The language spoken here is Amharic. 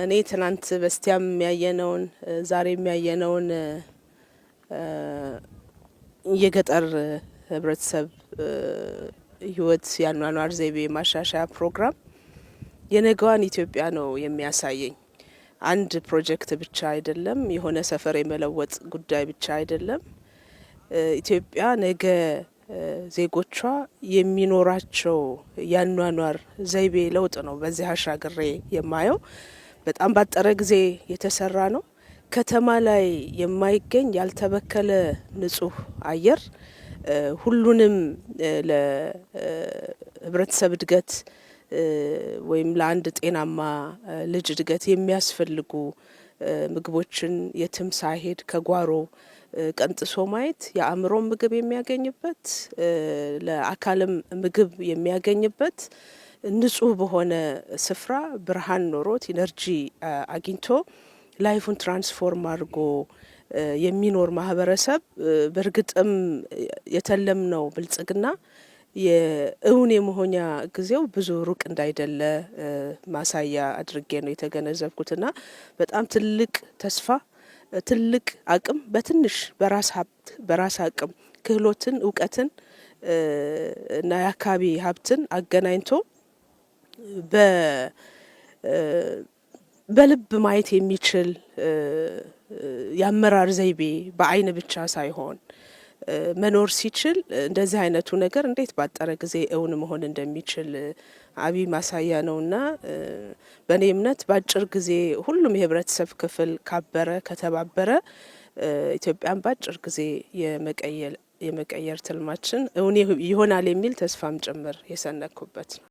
እኔ ትናንት በስቲያም የሚያየነውን ዛሬ የሚያየነውን የገጠር ህብረተሰብ ህይወት የአኗኗር ዘይቤ ማሻሻያ ፕሮግራም የነገዋን ኢትዮጵያ ነው የሚያሳየኝ። አንድ ፕሮጀክት ብቻ አይደለም፣ የሆነ ሰፈር የመለወጥ ጉዳይ ብቻ አይደለም። ኢትዮጵያ ነገ ዜጎቿ የሚኖራቸው የአኗኗር ዘይቤ ለውጥ ነው። በዚህ አሻግሬ የማየው በጣም ባጠረ ጊዜ የተሰራ ነው። ከተማ ላይ የማይገኝ ያልተበከለ ንጹህ አየር ሁሉንም ለህብረተሰብ እድገት ወይም ለአንድ ጤናማ ልጅ እድገት የሚያስፈልጉ ምግቦችን የትም ሳይሄድ ከጓሮ ቀንጥሶ ማየት የአእምሮ ምግብ የሚያገኝበት ለአካልም ምግብ የሚያገኝበት ንጹህ በሆነ ስፍራ ብርሃን ኖሮት ኢነርጂ አግኝቶ ላይፉን ትራንስፎርም አድርጎ የሚኖር ማህበረሰብ በእርግጥም የተለምነው ብልጽግና የእውን የመሆኛ ጊዜው ብዙ ሩቅ እንዳይደለ ማሳያ አድርጌ ነው የተገነዘብኩትና በጣም ትልቅ ተስፋ ትልቅ አቅም በትንሽ በራስ ሀብት በራስ አቅም ክህሎትን፣ እውቀትን እና የአካባቢ ሀብትን አገናኝቶ በልብ ማየት የሚችል የአመራር ዘይቤ በአይን ብቻ ሳይሆን መኖር ሲችል እንደዚህ አይነቱ ነገር እንዴት ባጠረ ጊዜ እውን መሆን እንደሚችል አብይ ማሳያ ነውና በእኔ እምነት በአጭር ጊዜ ሁሉም የህብረተሰብ ክፍል ካበረ ከተባበረ ኢትዮጵያን በአጭር ጊዜ የመቀየር ትልማችን እውን ይሆናል የሚል ተስፋም ጭምር የሰነኩበት ነው።